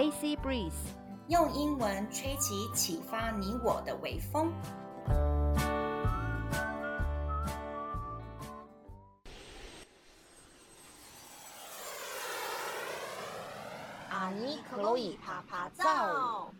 AC Breeze，用英文吹起啟發你我的微風。阿尼克洛伊趴趴造。Chloe, 爬爬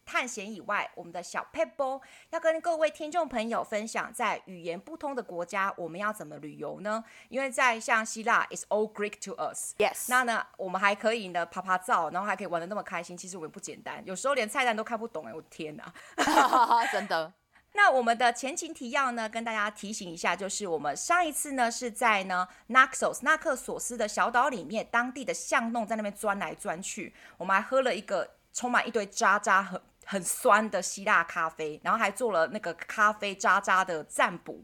探險以外，我們的小撇步要跟各位聽眾朋友分享，在語言不通的國家，我們要怎麼旅遊呢？因為在像希臘，It's all Greek to us。Yes，那呢，我們還可以呢趴趴造，然後還可以玩得那麼開心。其實我們不簡單，有時候連菜單都看不懂，欸。哎，我天哪！真的。那我們的前情提要呢，跟大家提醒一下，就是我們上一次呢是在呢 Naxos 納克索斯的小島裡面，當地的巷弄在那邊鑽來鑽去，我們還喝了一個充滿一堆渣渣和很酸的希臘咖啡，然後還做了那個咖啡渣渣的占卜，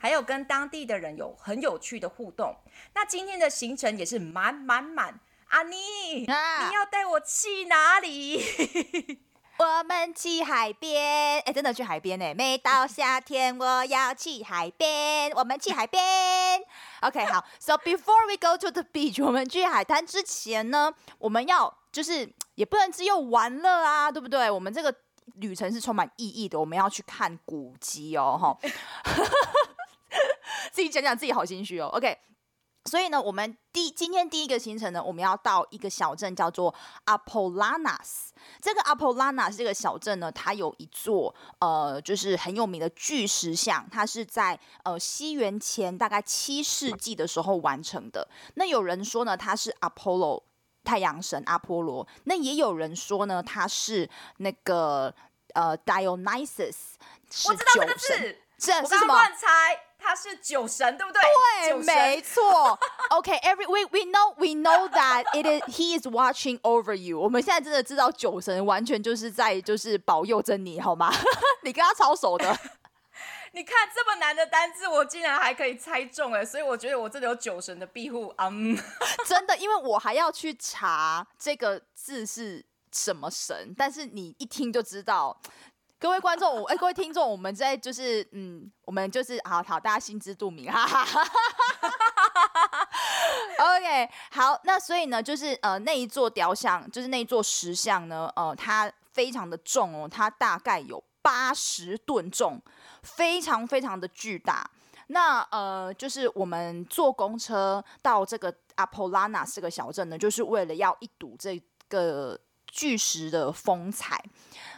還有跟當地的人有很有趣的互動。那今天的行程也是滿滿滿。阿、啊、妮，你，啊、你要帶我去哪裡？ 我們去海邊。哎、欸，真的去海邊呢。每到夏天，我要去海邊。我們去海邊。 OK，好。So before we go to the beach，我們去海灘之前呢，我們要就是。也不能只有玩樂啊，對不對？我們這個旅程是充滿意義的，我們要去看古蹟哦，哈。 自己講講自己好心虛哦。OK，所以呢，我們第今天第一個行程呢，我們要到一個小鎮叫做 Apollonas。這個 Apollonas 這個小鎮呢，它有一座呃，就是很有名的巨石像，它是在呃西元前大概七世紀的時候完成的。那有人說呢，它是 Apollo。太陽神阿波羅，那也有人說呢，他是那個呃 Dionysus，是酒神。我知道那個是，這是什麼？大家亂猜，他是酒神，對不對？對，酒神，沒錯。Okay，every we we know we know that it is he is watching over you。我們現在真的知道酒神完全就是在就是保佑着你，好嗎？ 你跟他超熟的。你看這麼難的單字，我竟然還可以猜中哎，所以我覺得我這裡有酒神的庇護嗯、um, 真的，因為我還要去查這個字是什麼神，但是你一聽就知道。各位觀眾，我、欸、各位聽眾，我們在就是嗯，我們就是好，好，大家心知肚明，哈哈哈哈哈哈哈哈哈。OK，好，那所以呢，就是呃那一座雕像，就是那一座石像呢，呃，它非常的重哦，它大概有八十噸重。非常非常的巨大，那呃，就是我們坐公車到這個阿 a 拉 a 這個小鎮呢，就是為了要一睹這個巨石的風采。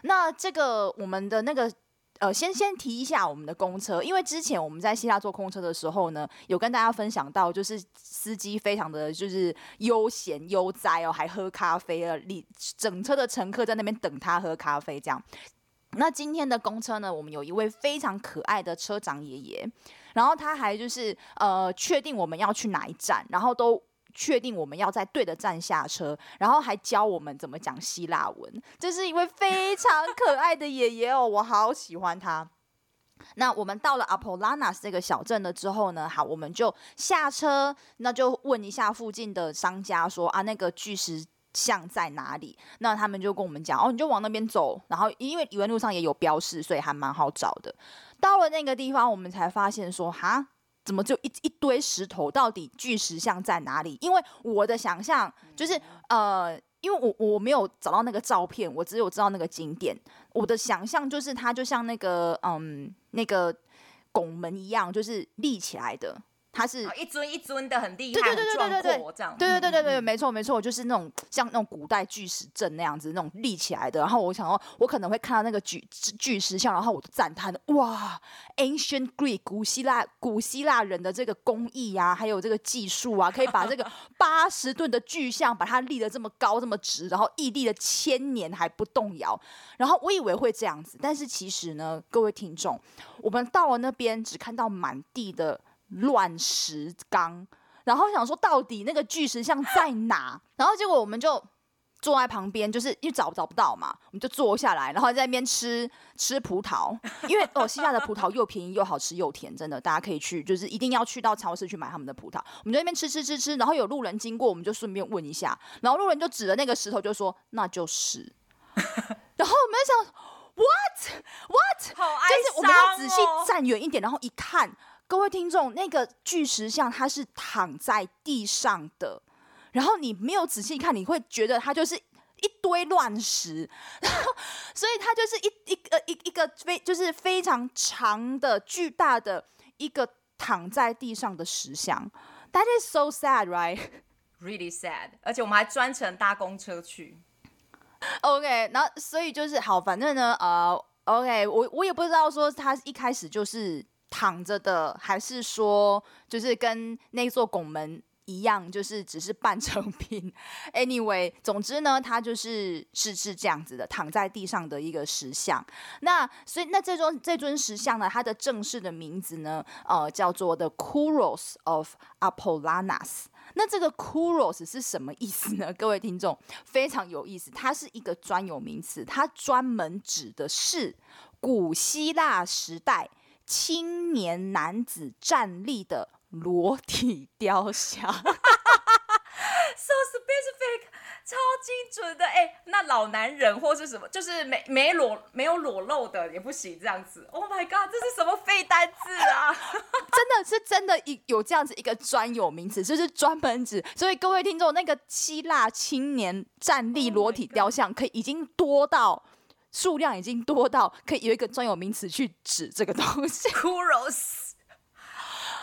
那這個我們的那個呃，先先提一下我們的公車，因為之前我們在希臘坐公車的時候呢，有跟大家分享到，就是司機非常的就是悠閒悠哉哦，還喝咖啡了、哦，你整車的乘客在那邊等他喝咖啡這樣。那今天的公車呢？我們有一位非常可愛的車長爺爺，然後他還就是呃，確定我們要去哪一站，然後都確定我們要在對的站下車，然後還教我們怎麼講希臘文。這、就是一位非常可愛的爺爺哦， 我好喜歡他。那我們到了阿波羅納斯這個小鎮了之後呢，好，我們就下車，那就問一下附近的商家說啊，那個巨石。像在哪裡？那他們就跟我們講，哦，你就往那邊走。然後因為語文路上也有標示，所以還蠻好找的。到了那個地方，我們才發現說，哈，怎麼就一一堆石頭？到底巨石像在哪裡？因為我的想象就是，嗯、呃，因為我我沒有找到那個照片，我只有知道那個景點。我的想象就是，它就像那個嗯，那個拱門一樣，就是立起來的。它是、哦、一尊一尊的，很厲害的壯闊這樣。對對對對對，沒錯沒錯，就是那種像那種古代巨石陣那樣子，那種立起來的。然後我想說，我可能會看到那個巨巨石像，然後我就讚嘆：哇，Ancient Greek，古希臘古希臘人的這個工藝呀、啊，還有這個技術啊，可以把這個八十噸的巨像把它立得這麼高 這麼直，然後屹立了千年還不動搖。然後我以為會這樣子，但是其實呢，各位聽眾，我們到了那邊只看到滿地的。亂石崗，然後想說到底那個巨石像在哪？ 然後結果我們就坐在旁邊，就是因為找找不到嘛，我們就坐下來，然後在那邊吃吃葡萄，因為哦，西亞的葡萄又便宜又好吃又甜，真的大家可以去，就是一定要去到超市去買他們的葡萄。我們在那邊吃吃吃吃，然後有路人經過，我們就順便問一下，然後路人就指着那個石頭就說那就是。 然後我們就想，what what？好、哦，就是我們要仔細站遠一點，然後一看。各位聽眾，那個巨石像它是躺在地上的，然後你沒有仔細看，你會覺得它就是一堆亂石，然 後所以它就是一一,一個一一個非就是非常長的巨大的一個躺在地上的石像。That is so sad, right? Really sad. 而且我們還專程搭公車去。OK，那所以就是好，反正呢，呃、uh,，OK，我我也不知道說他一開始就是。躺着的，還是說就是跟那座拱門一樣，就是只是半成品。Anyway，總之呢，它就是是是這樣子的，躺在地上的一個石像。那所以那這尊這尊石像呢，它的正式的名字呢，呃，叫做 The Kuros of Apollonas。那這個 Kuros 是什麼意思呢？各位聽眾非常有意思，它是一個專有名詞，它專門指的是古希臘時代。青年男子站立的裸體雕像 ，so specific，超精準的哎、欸，那老男人或是什麼，就是沒沒裸沒有裸露的也不行這樣子。Oh my god，這是什麼廢單詞啊？ 真的是真的有有這樣子一個專有名詞，就是專門指。所以各位聽眾，那個希臘青年站立裸體雕像，可以已經多到。數量已經多到可以有一個專有名詞去指這個東西。Kuros，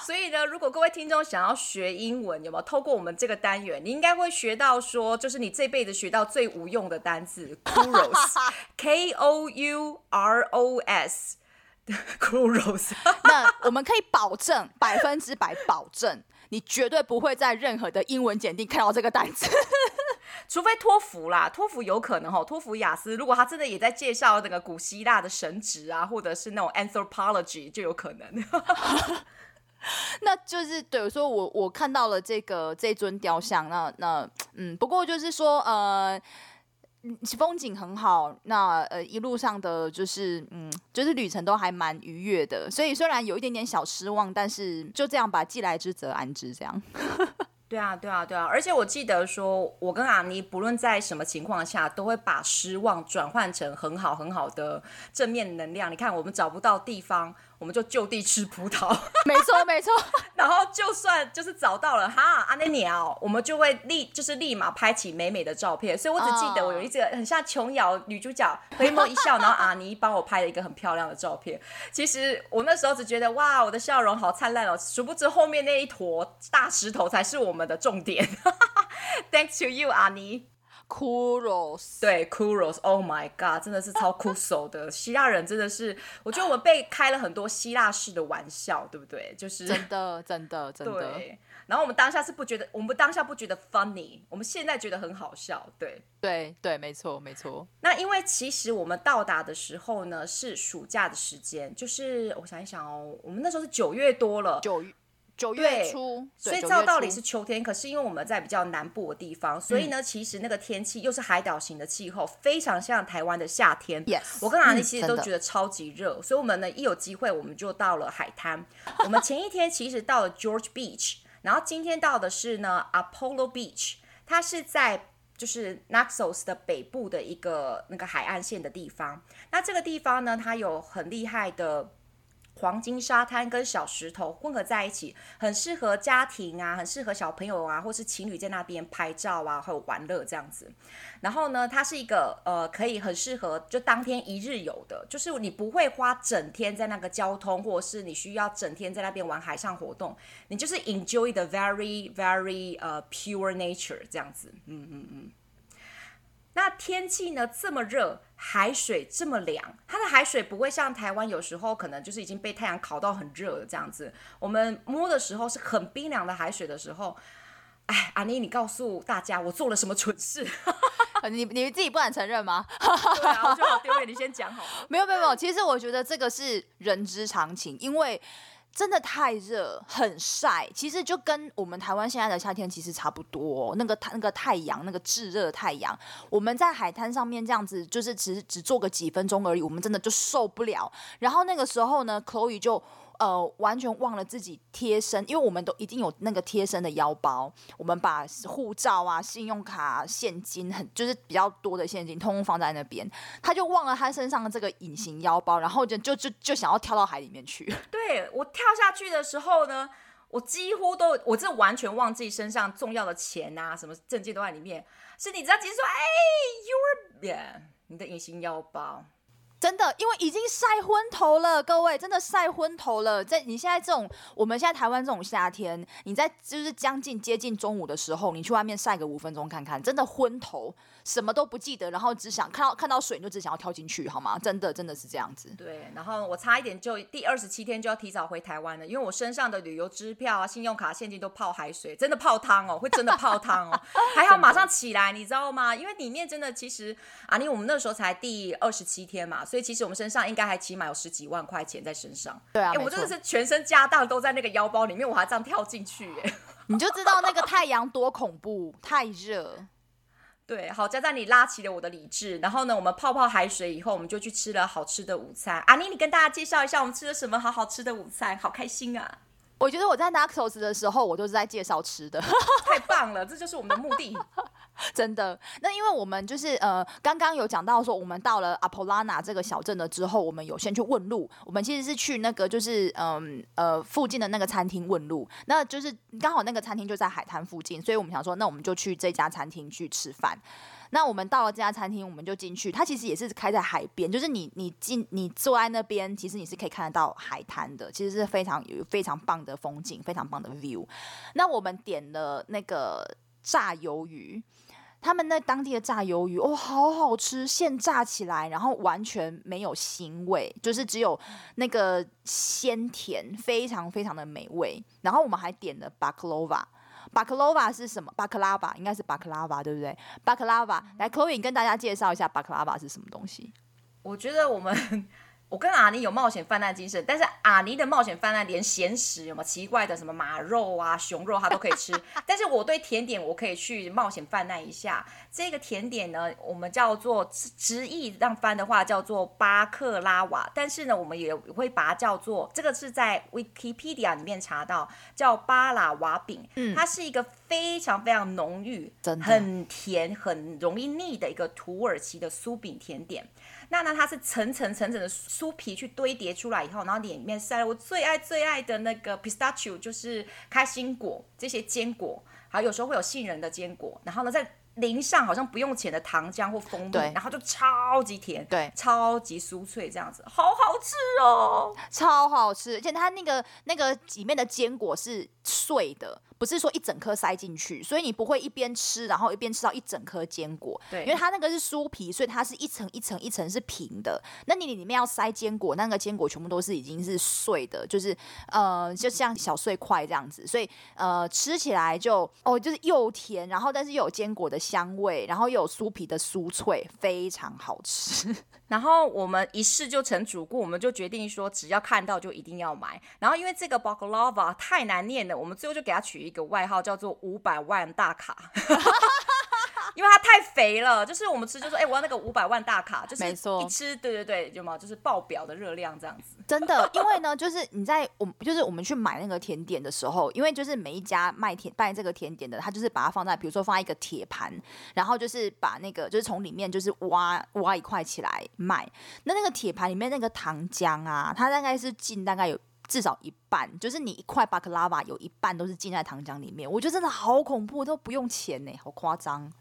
所以呢，如果各位聽眾想要學英文，有沒有透過我們這個單元，你應該會學到說，就是你這輩子學到最無用的單詞，Kuros，K O U R O S，Kuros。 K uros. 那我們可以保證百分之百保證，你絕對不會在任何的英文檢定看到這個單詞。 除非托福啦，托福有可能哈、哦，托福雅思，如果他真的也在介紹那個古希臘的神職啊，或者是那種 anthropology 就有可能。 那就是，等於說我我看到了這個這尊雕像，那那嗯，不過就是說呃，風景很好，那呃一路上的就是嗯，就是旅程都還蠻愉悅的，所以雖然有一點點小失望，但是就這樣吧，既來之則安之，這樣。 對啊，對啊，對啊！而且我記得說，我跟阿尼不論在什麼情況下，都會把失望轉換成很好很好的正面能量。你看，我們找不到地方。我們就就地吃葡萄， 沒錯沒錯。 然後就算就是找到了哈阿尼鳥，我們就會立就是立馬拍起美美的照片。所以我只記得我有一個、oh. 很像瓊瑤女主角回眸一笑，然後阿尼幫我拍了一個很漂亮的照片。 其實我那時候只覺得哇，我的笑容好燦爛哦，殊不知後面那一坨大石頭才是我們的重點。 Thanks to you，阿尼。Kuros，對，Kuros，Oh my God，真的是超酷熟的。 希臘人，真的是，我覺得我們被開了很多希臘式的玩笑，對不對？就是真的，真的，真的。對，然後我們當下是不覺得，我們當下不覺得 funny，我們現在覺得很好笑，對，對，對，沒錯，沒錯。那因為其實我們到達的時候呢，是暑假的時間，就是我想一想哦，我們那時候是九月多了，九月。九月初，對對所以照道，道理是秋天，可是因為我們在比較南部的地方，所以呢，嗯、其實那個天氣又是海島型的氣候，非常像台灣的夏天。嗯、我跟阿尼其實都覺得超級熱，嗯、所以我們呢一有機會我們就到了海灘。 我們前一天其實到了 George Beach，然後今天到的是呢 Apollo Beach，它是在就是 Naxos 的北部的一個那個海岸線的地方。那這個地方呢，它有很厲害的。黃金沙灘跟小石頭混合在一起，很適合家庭啊，很適合小朋友啊，或是情侶在那邊拍照啊，還有玩樂這樣子。然後呢，它是一個呃，可以很適合就當天一日遊的，就是你不會花整天在那個交通，或者是你需要整天在那邊玩海上活動，你就是 enjoy the very very 呃、uh, pure nature 這樣子，嗯嗯嗯。那天氣呢，這麼熱，海水這麼涼，它的海水不會像台灣有時候可能就是已經被太陽烤到很熱這樣子。我們摸的時候是很冰涼的海水的時候，哎，阿尼，你告訴大家我做了什麼蠢事？你，你自己不敢承認嗎？對啊，我就丟給你先講好 沒。沒有沒有沒有，但其實我覺得這個是人之常情，因為。真的太熱，很曬，其實就跟我們台灣現在的夏天其實差不多哦。那個、那個太陽，那個炙熱的太陽，我們在海灘上面這樣子，就是只只坐個幾分鐘而已，我們真的就受不了。然後那個時候呢，克洛伊就。呃，完全忘了自己貼身，因為我們都一定有那個貼身的腰包，我們把護照啊、信用卡、啊、現金很就是比較多的現金，通通放在那邊。他就忘了他身上的這個隱形腰包，然後就就就就想要跳到海裡面去。對，我跳下去的時候呢，我幾乎都我這完全忘記身上重要的錢啊，什麼證件都在裡面。是你知道其實說，哎、欸、，your yeah 你的隱形腰包。真的，因為已經曬昏頭了，各位，真的曬昏頭了。在你現在這種，我們現在台灣這種夏天，你在就是將近接近中午的時候，你去外面曬個五分鐘看看，真的昏頭，什麼都不記得，然後只想看到看到水，你就只想要跳進去，好嗎？真的，真的是這樣子。對，然後我差一點就第二十七天就要提早回台灣了，因為我身上的旅遊支票啊、信用卡、現金都泡海水，真的泡湯哦、喔，會真的泡湯哦、喔。 還好馬上起來，你知道嗎？因為裡面真的其實啊，你我們那時候才第二十七天嘛。所以其實我們身上應該還起碼，有十幾萬塊錢在身上。對啊、欸，我真的是全身家當都在那個腰包裡面，我還這樣跳進去、欸，哎，你就知道那個太陽多恐怖， 太熱。對，好佳在，你拉起了我的理智。然後呢，我們泡泡海水以後，我們就去吃了好吃的午餐。阿尼，你跟大家介紹一下我們吃了什麼好好吃的午餐，好開心啊！我覺得我在 Naxos 的時候，我都是在介紹吃的。太棒了， 這就是我們的目的， 真的。那因為我們就是呃，剛剛有講到說，我們到了 Apollana 這個小鎮了之後，我們有先去問路。我們其實是去那個就是嗯呃，呃附近的那個餐廳問路，那就是剛好那個餐廳就在海灘附近，所以我們想說，那我們就去這家餐廳去吃飯。那我們到了這家餐廳，我們就進去。它其實也是開在海邊，就是你你進你坐在那邊，其實你是可以看得到海灘的，其實是非常有非常棒的風景，非常棒的 view。那我們點了那個炸魷魚，他們那當地的炸魷魚哦，好好吃，現炸起來，然後完全沒有腥味，就是只有那個鮮甜，非常非常的美味。然後我們還點了 Baklava。巴克洛瓦是什麼？巴克拉瓦，應該是巴克拉瓦，對不對？巴克拉瓦，來，克洛伊跟大家介紹一下巴克拉瓦是什麼東西。我覺得我們。我跟阿尼有冒險犯難精神，但是阿尼的冒險犯難連鹹食有沒有奇怪的什麼馬肉啊、熊肉他都可以吃， 但是我對甜點我可以去冒險犯難一下。這個甜點呢，我們叫做直譯讓翻的話叫做巴克拉瓦，但是呢，我們也會把它叫做這個是在 Wikipedia 裡面查到叫巴拉瓦餅，嗯、它是一個非常非常濃郁、的很甜、很容易膩的一個土耳其的酥餅甜點。那呢它是層層層層的酥皮去堆疊出來以後，然後裡面塞了我最愛最愛的那個 pistachio，就是開心果這些堅果，還有,有時候會有杏仁的堅果，然後呢再淋上好像不用錢的糖漿或蜂蜜，對然後就超級甜，對，超級酥脆這樣子，好好吃哦，超好吃，而且它那個那個裡面的堅果是碎的。不是說一整顆塞進去，所以你不會一邊吃，然後一邊吃到一整顆堅果。對，因為它那個是酥皮，所以它是一層一層一層是平的。那你裡面要塞堅果，那，那個堅果全部都是已經是碎的，就是呃，就像小碎塊這樣子。所以呃，吃起來就哦，就是又甜，然後但是又有堅果的香味，然後又有酥皮的酥脆，非常好吃。然後我們一試就成主顧，我們就決定說，只要看到就一定要買。然後因為這個 Baklava 太難念了，我們最後就給他取一個外號，叫做“五百萬大卡。” 因為它太肥了，就是我們吃就說，哎、欸，我要那個五百萬大卡，就是一吃，沒錯，對對對，有沒有？就是爆表的熱量這樣子。真的，因為呢，就是你在，我們就是我們去買那個甜點的時候，因為就是每一家賣甜賣這個甜點的，他就是把它放在，比如說放在一個鐵盤，然後就是把那個就是從裡面就是挖挖一塊起來賣。那那個鐵盤裡面那個糖漿啊，它大概是浸大概有至少一半，就是你一塊巴克拉瓦有一半都是浸在糖漿裡面。我覺得真的好恐怖，都不用錢呢、欸，好誇張。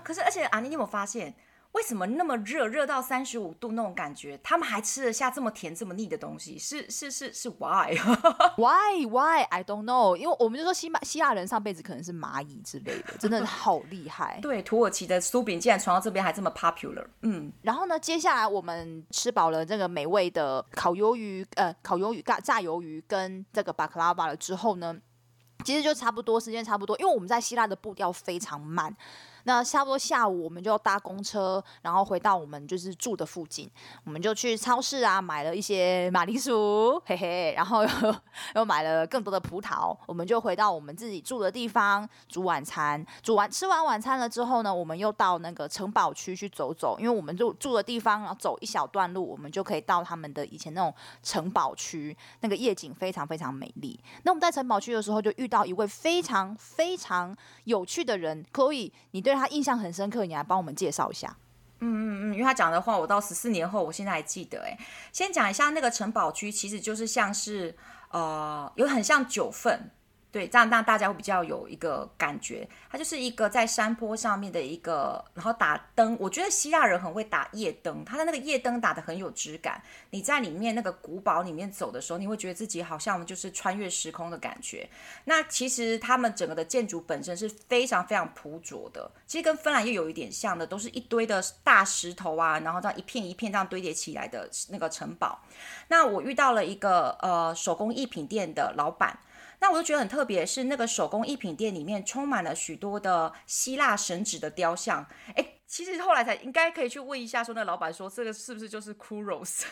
可是，而且啊，你有沒有發現，為什麼那麼熱，熱到三十五度那種感覺，他們還吃得下這麼甜、這麼膩的東西？是是是是，why why why？I don't know。因為我們就說，希馬希臘人上輩子可能是螞蟻之類的，真的是好厲害。 對，土耳其的酥餅竟然傳到這邊還這麼 popular。嗯，然後呢，接下來我們吃飽了這個美味的烤魷魚，呃，烤魷魚、炸炸魷魚跟這個巴克拉巴了之後呢，其實就差不多，時間差不多，因為我們在希臘的步調非常慢。那差不多下午，我們就搭公車，然後回到我們就是住的附近，我們就去超市啊，買了一些馬鈴薯，嘿嘿，然後又又買了更多的葡萄，我們就回到我們自己住的地方煮晚餐。煮完吃完晚餐了之後呢，我們又到那個城堡區去走走，因為我們就住的地方，然後走一小段路，我們就可以到他們的以前那種城堡區，那個夜景非常非常美麗。那我們在城堡區的時候，就遇到一位非常非常有趣的人，克洛伊，你對？因為他印象很深刻，你來幫我們介紹一下。嗯嗯嗯，因為他講的話，我到十四年後，我現在還記得，欸。哎，先講一下那個城堡區，其實就是像是呃，有很像九份。對，這樣讓大家會比較有一個感覺。它就是一個在山坡上面的一個，然後打燈。我覺得希臘人很會打夜燈，它的那個夜燈打得很有質感。你在裡面那個古堡裡面走的時候，你會覺得自己好像就是穿越時空的感覺。那其實他們整個的建築本身是非常非常樸拙的，其實跟芬蘭又有一點像的，都是一堆的大石頭啊，然後這樣一片一片這樣堆疊起來的那個城堡。那我遇到了一個呃手工藝品店的老闆。那我就覺得很特別，是那個手工藝品店裡面充滿了許多的希臘神祇的雕像。哎、欸，其實後來才應該可以去問一下，說那老闆說這個是不是就是庫羅斯？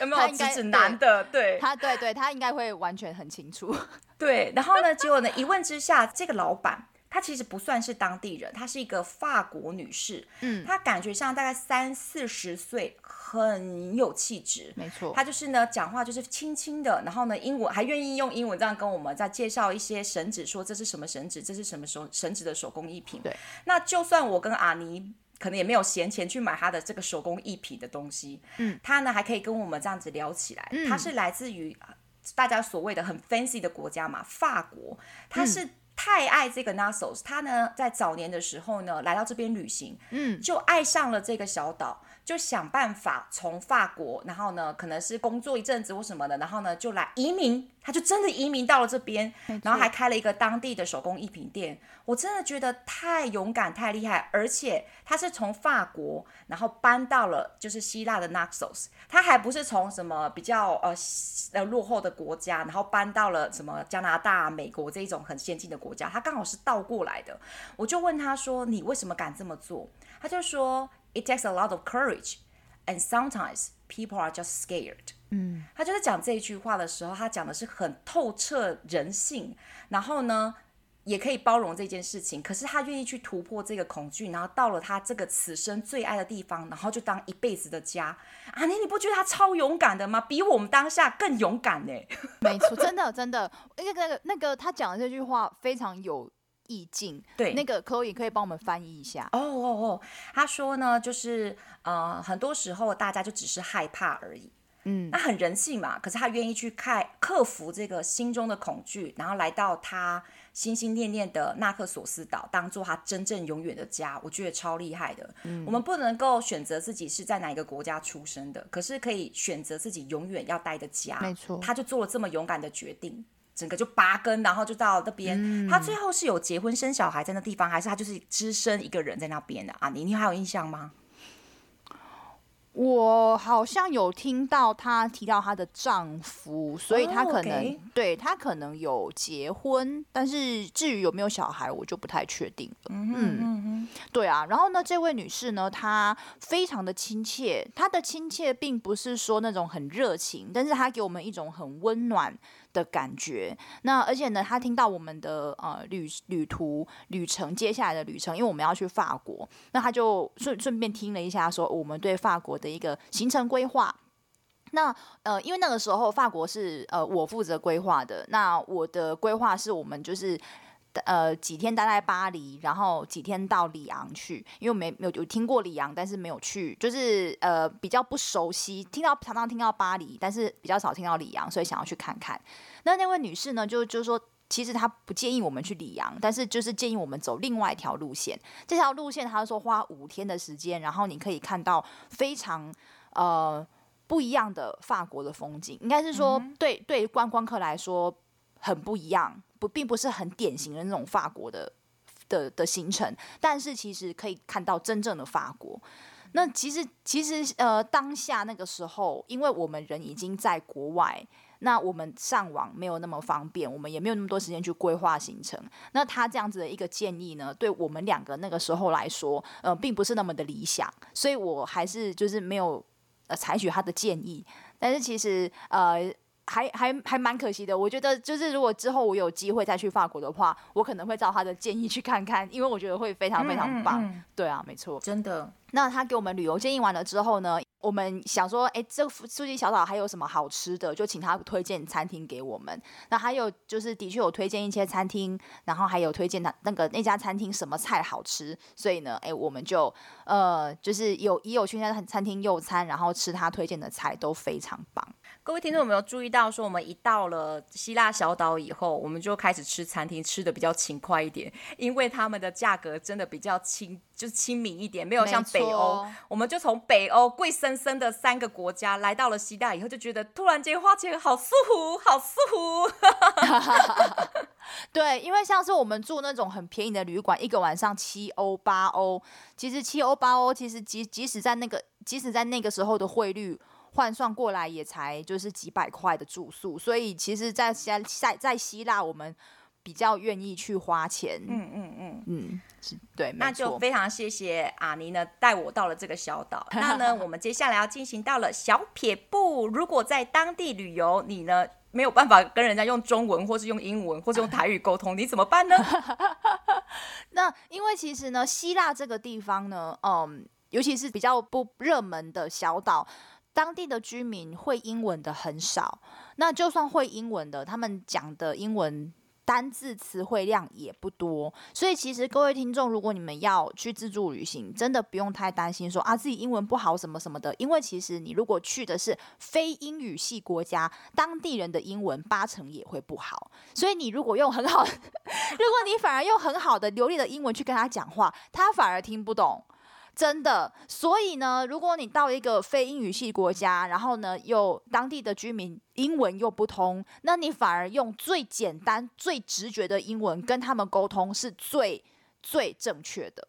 有沒有直指男的？對，對他，對，對他應該會完全很清楚。對，然後呢，結果呢，一問之下，這個老闆。她其實不算是當地人，她是一個法國女士。嗯，她感覺上大概三四十歲，很有氣質。沒錯，她就是呢，講話就是輕輕的，然後呢，英文還願意用英文這樣跟我們在介紹一些繩子，說這是什麼繩子，這是什麼手繩子的手工藝品。對，那就算我跟阿尼可能也沒有閒錢去買她的這個手工藝品的東西，嗯，她呢還可以跟我們這樣子聊起來。嗯、她是來自於大家所謂的很 fancy 的國家嘛，法國，她是、嗯。太愛這個 Naxos 他呢在早年的時候呢來到這邊旅行，嗯，就愛上了這個小島。就想辦法從法國，然後呢，可能是工作一陣子或什麼的，然後呢，就來移民，他就真的移民到了這邊，沒錯。然後還開了一個當地的手工藝品店。我真的覺得太勇敢、太厲害，而且他是從法國，然後搬到了就是希臘的 Naxos，他還不是從什麼比較呃呃落後的國家，然後搬到了什麼加拿大、美國這一種很先進的國家，他剛好是倒過來的。我就問他說：“你為什麼敢這麼做？”他就說。It takes a lot of courage, and sometimes people are just scared。嗯，他就是講這一句話的時候，他講的是很透徹人性，然後呢，也可以包容這件事情。可是他願意去突破這個恐懼，然後到了他這個此生最愛的地方，然後就當一輩子的家。啊，你你不覺得他超勇敢的嗎？比我們當下更勇敢呢？沒錯，真的真的，那個、那個、那個他講的這句話非常有。意境對，那個克洛伊可以幫我們翻譯一下。哦哦哦，他說呢，就是呃，很多時候大家就只是害怕而已，嗯，那很人性嘛。可是他願意去看克服這個心中的恐懼，然後來到他心心念念的納克索斯島，當做他真正永遠的家。我覺得超厲害的。嗯，我們不能夠選擇自己是在哪一個國家出生的，可是可以選擇自己永遠要待的家。沒錯錯，他就做了這麼勇敢的決定。整個就拔根，然後就到那邊。嗯、他最後是有結婚生小孩在那地方，還是他就是只身一個人在那邊的啊？你你還有印象嗎？我好像有聽到她提到她的丈夫，所以她可能、哦 okay、對她可能有結婚，但是至於有沒有小孩，我就不太確定了。嗯嗯哼嗯，對啊。然後呢，這位女士呢，她非常的親切，她的親切並不是說那種很熱情，但是她給我們一種很溫暖。的感覺，那而且呢，他聽到我們的呃旅旅途旅程接下來的旅程，因為我們要去法國，那他就順順便聽了一下，說我們對法國的一個行程規劃。那呃，因為那個時候法國是呃我負責規劃的，那我的規劃是我們就是。呃，幾天待在巴黎，然後幾天到里昂去。因為我沒，沒有有聽過里昂，但是沒有去，就是呃比較不熟悉。聽到常常聽到巴黎，但是比較少聽到里昂，所以想要去看看。那那位女士呢，就就說其實她不建議我們去里昂，但是就是建議我們走另外一條路線。這條路線她說花五天的時間，然後你可以看到非常呃不一樣的法國的風景。應該是說，嗯哼，對對觀光客來說。很不一樣，不並不是很典型的那種法國的的的行程，但是其實可以看到真正的法國。那其實其實呃，當下那個時候，因為我們人已經在國外，那我們上網沒有那麼方便，我們也沒有那麼多時間去規劃行程。那他這樣子的一個建議呢，對我們兩個那個時候來說，呃，並不是那麼的理想，所以我還是就是沒有呃採取他的建議。但是其實呃。還還還蠻可惜的，我覺得就是如果之後我有機會再去法國的話，我可能會照他的建議去看看，因為我覺得會非常非常棒。嗯嗯、對啊，沒錯，真的。那他給我們旅遊建議完了之後呢，我們想說，哎、欸，這個附近小島還有什麼好吃的？就請他推薦餐廳給我們。那還有就是，的確有推薦一些餐廳，然後還有推薦他那個那家餐廳什麼菜好吃。所以呢，哎、欸，我們就呃，就是有也有去那餐廳用餐，然後吃他推薦的菜都非常棒。各位聽眾有沒有注意到，說我們一到了希臘小島以後，我們就開始吃餐廳，吃的比較勤快一點，因為他們的價格真的比較親，就是親民一點，沒有像北歐。錯我們就從北歐貴森森的三個國家來到了希臘以後，就覺得突然間花錢好舒服，好舒服。 對，因為像是我們住那種很便宜的旅館，一個晚上七歐八歐，其實七歐八歐，其實即即使在那個即使在那個時候的匯率。換算過來也才就是幾百塊的住宿，所以其實在在，在希在在希臘，我們比較願意去花錢。嗯嗯嗯嗯，是對，那就非常謝謝阿尼呢帶我到了這個小島。那呢，我們接下來要進行到了小撇步。 如果在當地旅遊，你呢沒有辦法跟人家用中文，或是用英文，或是用台語溝通， 你怎麼辦呢？ 那因為其實呢，希臘這個地方呢，嗯，尤其是比較不熱門的小島。當地的居民會英文的很少，那就算會英文的，他們講的英文單字詞彙量也不多。所以其實各位聽眾，如果你們要去自助旅行，真的不用太擔心說啊自己英文不好什麼什麼的，因為其實你如果去的是非英語系國家，當地人的英文八成也會不好。所以你如果用很好， 如果你反而用很好的流利的英文去跟他講話，他反而聽不懂。真的，所以呢，如果你到一個非英語系國家，然後呢又當地的居民英文又不通，那你反而用最簡單、最直覺的英文跟他們溝通是最最正確的。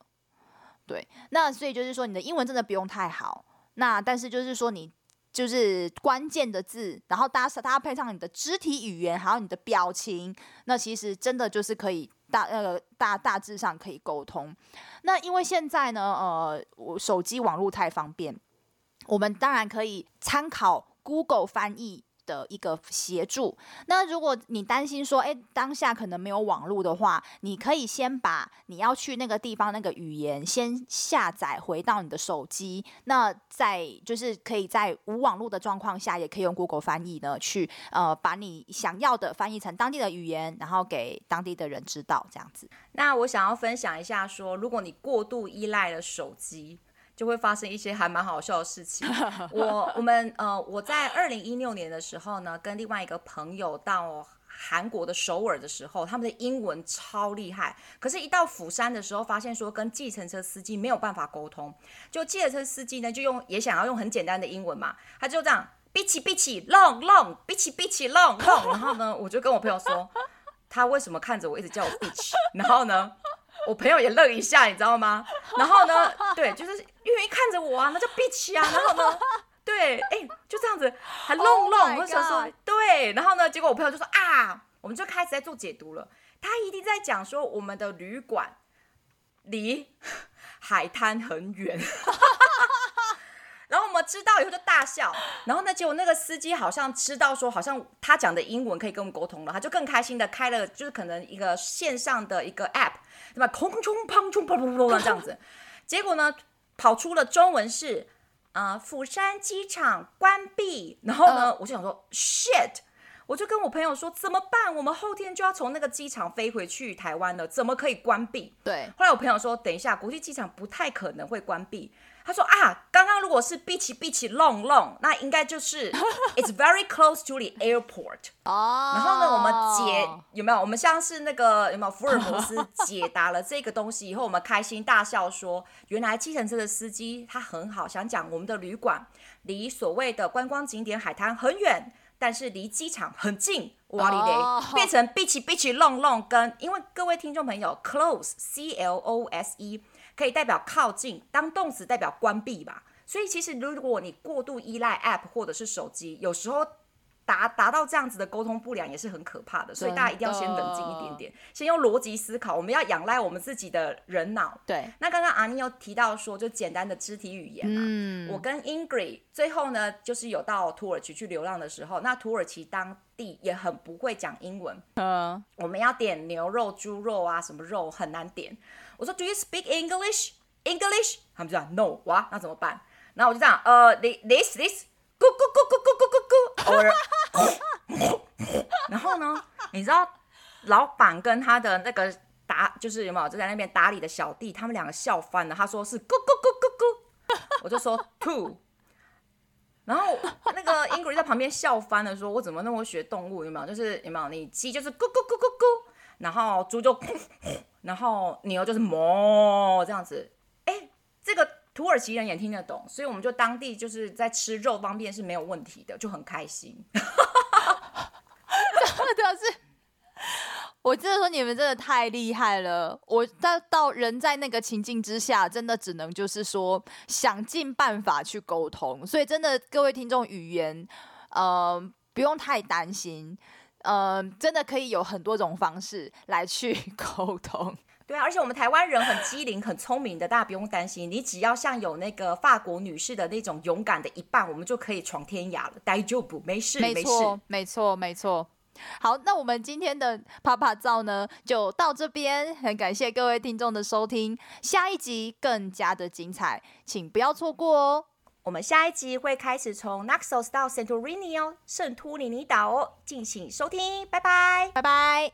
對，那所以就是說，你的英文真的不用太好，那但是就是說，你就是關鍵的字，然後搭搭配上你的肢體語言，還有你的表情，那其實真的就是可以。大那個、呃、大大致上，可以溝通，那因為現在呢，呃，我手機網絡太方便，我們當然可以參考 Google 翻譯。的一個協助。那如果你擔心說，誒、欸，當下可能沒有網絡的話，你可以先把你要去那個地方那個語言先下載回到你的手機。那在就是可以在無網絡的狀況下，也可以用 Google 翻譯呢，去呃把你想要的翻譯成當地的語言，然後給當地的人知道這樣子。那我想要分享一下說，如果你過度依賴了手機。就會發生一些還蠻好笑的事情。我我們呃，我在二零一六年的時候呢，跟另外一個朋友到韓國的首爾的時候，他們的英文超厲害。可是，一到釜山的時候，發現說跟計程車司機沒有辦法溝通，就計程車司機呢就用也想要用很簡單的英文嘛，他就這樣 bitch bitch long long bitch bitch long long。然後呢，我就跟我朋友說，他為什麼看着我一直叫我 bitch。然後呢，我朋友也愣一下，你知道嗎？然後呢，對，就是。因為一看着我啊，那就 beach 啊，然後呢， 對，哎、欸，就這樣子，還弄弄，oh，我想說，對，然後呢，結果我朋友就說啊，我們就開始在做解讀了，他一定在講說我們的旅館離海灘很遠， 然後我們知道以後就大笑，然後呢，結果那個司機好像知道說，好像他講的英文可以跟我們溝通了，他就更開心的開了，就是可能一個線上的一個 app，對吧？砰砰砰砰砰砰砰，這樣子，結果呢？跑出了中文是啊、呃，釜山機場關閉。然後呢，uh. 我就想說，shit。我就跟我朋友說怎麼辦？我們後天就要從那個機場飛回去臺灣了，怎麼可以關閉？對。後來我朋友說，等一下，國際機場不太可能會關閉。他說啊，剛剛如果是比起比起 l o 那應該就是 it's very close to the airport。 然後呢，我們解有沒有？我們像是那個有沒有福爾摩斯解答了這個東西 以後，我們開心大笑說，原來計程車的司機他很好，想講我們的旅館離所謂的觀光景點海灘很遠。但是離機場很近，哇哩嘞，oh. 變成 beach beach long long 跟，因為各位聽眾朋友，close C L O S E 可以代表靠近，當動詞代表關閉吧，所以其實如果你過度依賴 app 或者是手機，有時候。達達到這樣子的溝通不良也是很可怕的，所以大家一定要先冷靜一點點，嗯、先用邏輯思考。我們要仰賴我們自己的人腦。對。那剛剛阿尼有提到說，就簡單的肢體語言嘛、啊。嗯。我跟 Ingrid 最後呢，就是有到土耳其去流浪的時候，那土耳其當地也很不會講英文。嗯。我們要點牛肉、豬肉啊，什麼肉很難點。我說 Do you speak English? English？他們就講 No 哇，ah, 那怎麼辦？那我就這樣呃、uh,，this this。咕咕咕咕咕咕咕咕，然後呢？你知道老闆跟他的那個打，就是有沒有就在那邊打理的小弟，他們兩個笑翻了。他說是咕咕咕咕咕，我就說 two。然後那個 Ingrid 在旁邊笑翻了，說：“我怎麼那麼會學動物？有沒有？就是有沒有？你雞就是咕咕咕咕咕，然後豬就，然後牛就是哞，這樣子。”土耳其人也聽得懂，所以我們就當地就是在吃肉方面是沒有問題的，就很開心。真的是，我真的說你們真的太厲害了。我到到人在那個情境之下，真的只能就是說想盡辦法去溝通。所以真的，各位聽眾，語言，呃，不用太擔心，嗯，呃，真的可以有很多種方式來去溝通。對啊，而且我們台灣人很機靈、很聰明的，大家不用擔心。你只要像有那個法國女士的那種勇敢的一半，我們就可以闖天涯了，大丈夫，沒事。沒錯，沒事。沒錯，沒錯。好，那我們今天的趴趴造呢，就到這邊。很感謝各位聽眾的收聽，下一集更加的精彩，請不要錯過哦。我們下一集會開始從 Naxos 到 Santorini 哦，聖托里尼島哦，敬請收聽，拜拜，拜拜。